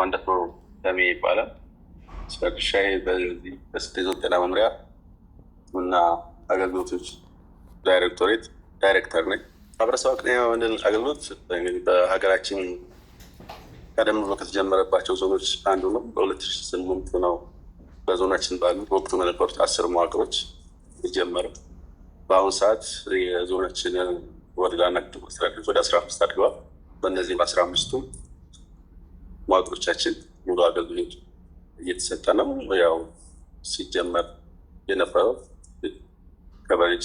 ዋንዳፍሮ ደሜ ይባላል። ስራሻ በዚህ በስልጤ ዞን ጤና መምሪያ እና አገልግሎቶች ዳይሬክቶሬት ዳይሬክተር ነኝ። ማህበረሰብ አቀፍ የመድን አገልግሎት በሀገራችን ቀደም ብሎ ከተጀመረባቸው ዞኖች አንዱ ነው። በሁለት ሺህ ስምንት ነው በዞናችን ባሉ ወቅቱ በነበሩት አስር መዋቅሮች የጀመረው። በአሁኑ ሰዓት የዞናችን ወረዳና ከተማ አስተዳደሮች ወደ አስራ አምስት አድገዋል። በእነዚህም በአስራ አምስቱም መዋቅሮቻችን ሙሉ አገልግሎት እየተሰጠ ነው። ያው ሲጀመር የነበረው ከቨሬጅ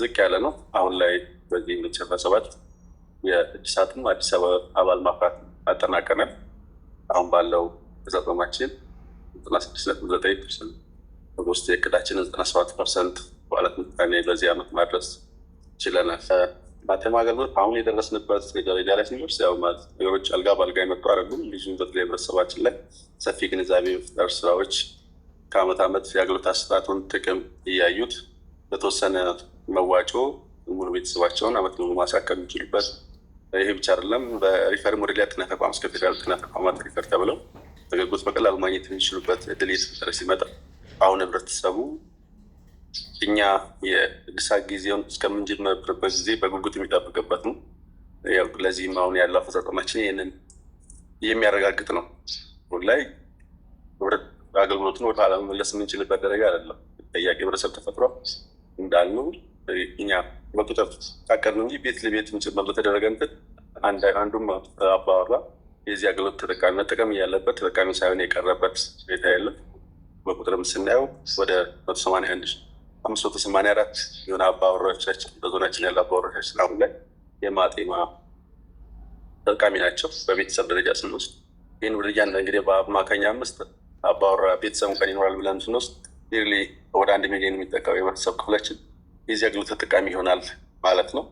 ዝቅ ያለ ነው። አሁን ላይ በዚህ የምትሰበሰባት የእድሳትም አዲስ አበባ አባል ማፍራት አጠናቀናል። አሁን ባለው ተጠቅማችን ዘጠና ስድስት ነጥብ ዘጠኝ ፐርሰንት በውስጥ የእቅዳችንን ዘጠና ሰባት ፐርሰንት በዓለት ምጣኔ በዚህ ዓመት ማድረስ ችለናል። ማተማ አገልግሎት አሁን የደረስንበት ደረጃ ላይ ሲኖር ነገሮች አልጋ በአልጋ የመጡ አይደሉም። ልዩም በተለይ ህብረተሰባችን ላይ ሰፊ ግንዛቤ መፍጠር ስራዎች ከአመት አመት የአገልግሎት አሰጣጡን ጥቅም እያዩት በተወሰነ መዋጮ ሙሉ ቤተሰባቸውን አመት ሙሉ ማሳከም የሚችሉበት ይህ ብቻ አይደለም። በሪፈር ሞዴል ጤና ተቋም እስከ ፌዴራል ጤና ተቋማት ሪፈር ተብለው አገልግሎት በቀላሉ ማግኘት የሚችሉበት እድል ሲመጣ አሁን ህብረተሰቡ እኛ የእድሳት ጊዜውን እስከምንጀምርበት ጊዜ በጉጉት የሚጠብቅበት ነው። ለዚህም አሁን ያለው አፈጻጸማችን ይህንን የሚያረጋግጥ ነው። አሁን ላይ አገልግሎቱን ወደ ኋላ መመለስ የምንችልበት ደረጃ አይደለም። ጠያቂ ህብረተሰብ ተፈጥሮ እንዳሉ እኛ በቁጥር ታቀድ ነው እንጂ ቤት ለቤት ምጭመር በተደረገ እንትን አንዱም አባወራ የዚህ አገልግሎት ተጠቃሚ መጠቀም እያለበት ተጠቃሚ ሳይሆን የቀረበት ሁኔታ የለም። በቁጥርም ስናየው ወደ መቶ ሰማንያ አንድ አምስት መቶ ሰማንያ አራት የሆነ አባወራዎቻችን በዞናችን ያለ አባወራዎቻችን አሁን ላይ የማጤማ ጠቃሚ ናቸው። በቤተሰብ ደረጃ ስንወስድ ይህን ደረጃ እንግዲህ በአማካኝ አምስት አባወራ ቤተሰብ እንኳን ይኖራል ብለን ስንወስድ ሊ ወደ አንድ ሚሊዮን የሚጠቀመው የማህበረሰብ ክፍላችን የዚህ አገልግሎት ተጠቃሚ ይሆናል ማለት ነው።